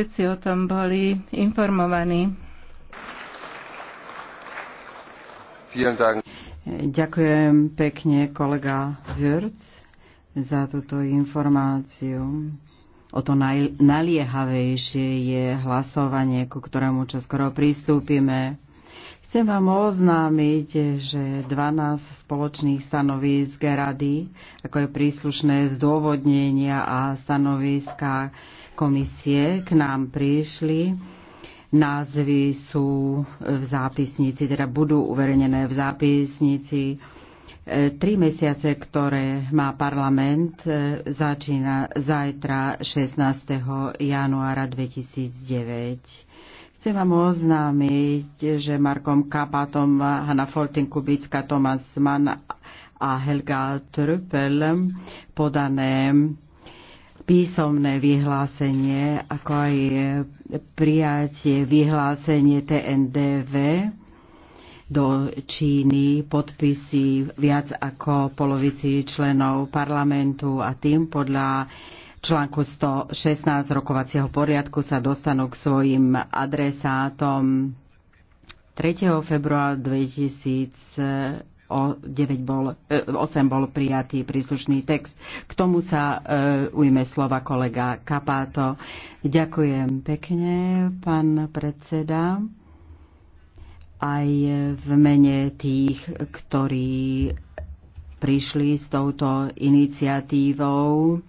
všetci o tom boli informovaní. Ďakujem pekne kolega Würc za túto informáciu. O to naj, naliehavejšie je hlasovanie, ku ktorému čoskoro pristúpime. Chcem vám oznámiť, že 12 spoločných stanovísk rady, ako je príslušné zdôvodnenia a stanoviska komisie, k nám prišli. Názvy sú v zápisnici, teda budú uverejnené v zápisnici. Tri mesiace, ktoré má parlament, e, začína zajtra 16. januára 2009 Chcem vám oznámiť, že Markom Kapatom, Hanna Foltin, Kubická, Tomas Mann a Helga Trüppel podané písomné vyhlásenie, ako aj prijatie vyhlásenie TNDV do Číny podpisy viac ako polovici členov parlamentu a tým podľa článku 116 rokovacieho poriadku sa dostanú k svojim adresátom. 3. februára 2009 bol, 8 e, bol prijatý príslušný text. K tomu sa e, ujme slova kolega Kapáto. Ďakujem pekne, pán predseda. Aj v mene tých, ktorí prišli s touto iniciatívou,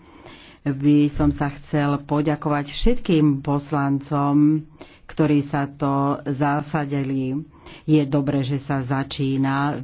by som sa chcel poďakovať všetkým poslancom, ktorí sa to zásadili. Je dobre, že sa začína